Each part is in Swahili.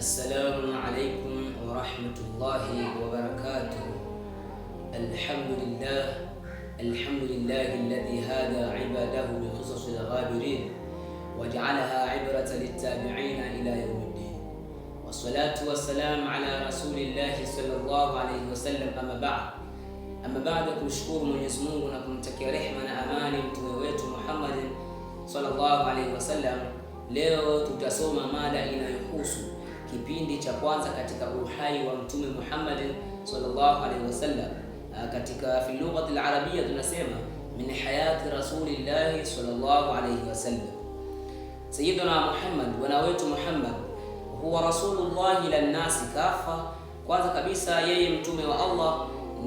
السلام عليكم ورحمة الله وبركاته الحمد لله الحمد لله الذي هذا عباده بقصص الغابرين وجعلها عبرة للتابعين إلى يوم الدين والصلاة والسلام على رسول الله صلى الله عليه وسلم أما بعد أما بعد kumshukuru من Mungu na kumtakia rehema na amani mtume wetu Muhammad sallallahu alaihi wasallam. Leo tutasoma mada inayohusu kipindi cha kwanza katika uhai wa Mtume Muhammad sallallahu alaihi wasallam. Ah, katika fi lughati al-arabia tunasema min hayati rasulillahi sallallahu alaihi wasallam. Sayyiduna Muhammad, bwana wetu Muhammad, huwa rasulullahi lin-nasi kafa. Kwanza kabisa yeye mtume wa Allah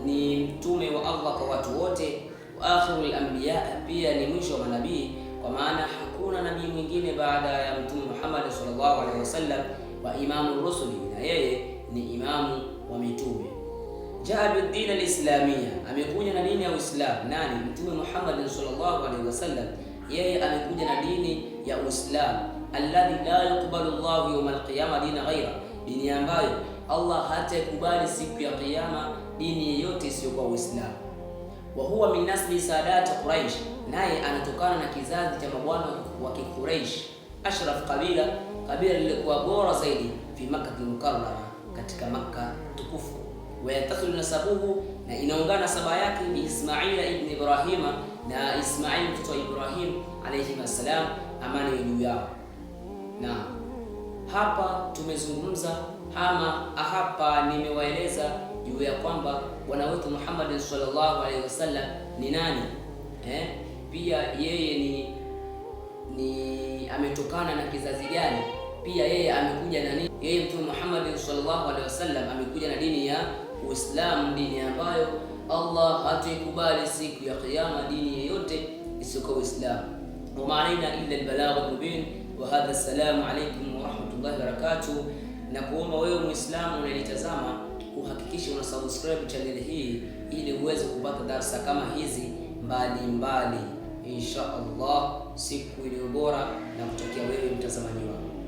ni mtume wa Allah kwa watu wote, wa akhirul anbiya, pia ni mwisho wa manabii, kwa maana hakuna nabii mwingine baada ya Mtume Muhammad sallallahu alaihi wasallam wa imamu rusuli, na yeye ni imamu wa mitume. Jaa bid-din al-islamia, amekuja na dini ya Uislamu. Nani? Mtume Muhammad sallallahu alaihi wasallam, yeye amekuja na dini ya Uislamu. Alladhi la yuqbalu Allahu yawm al-qiyama dina ghaira, dini ambayo Allah hatakubali siku ya Kiyama dini yeyote isiyokuwa Uislamu. Wa huwa min nasbi Sadat Quraish, naye anatokana na kizazi cha mabwana wa Quraish ashraf kabila kabila lilikuwa bora zaidi fi Makkah mukarrama, katika Makka tukufu. Wayatasul nasabuhu, na inaungana saba yake ni Ismail ibn Ibrahima na Ismail mtoto wa Ibrahim alayhi assalam, amani juu yao. Na hapa tumezungumza ama hapa nimewaeleza juu ya kwamba bwana wetu Muhammad sallallahu alaihi wasallam ni nani eh? Pia yeye ni ni ametokana na kizazi gani, pia yeye amekuja na nini. Yeye Mtume Muhammad sallallahu alaihi wasallam amekuja na dini ya Uislamu, dini ambayo Allah hataikubali siku ya Kiyama dini yeyote isiyokuwa Uislamu. wa maana illa albalagh mubin wa hadha, assalamu alaykum wa rahmatullahi wa barakatuh. Na kuomba wewe Muislamu unanitazama uhakikishe una subscribe channel hii ili uweze kupata darasa kama hizi mbalimbali mbali insha Allah siku iliyo bora na kutakia wewe mtazamaji wangu.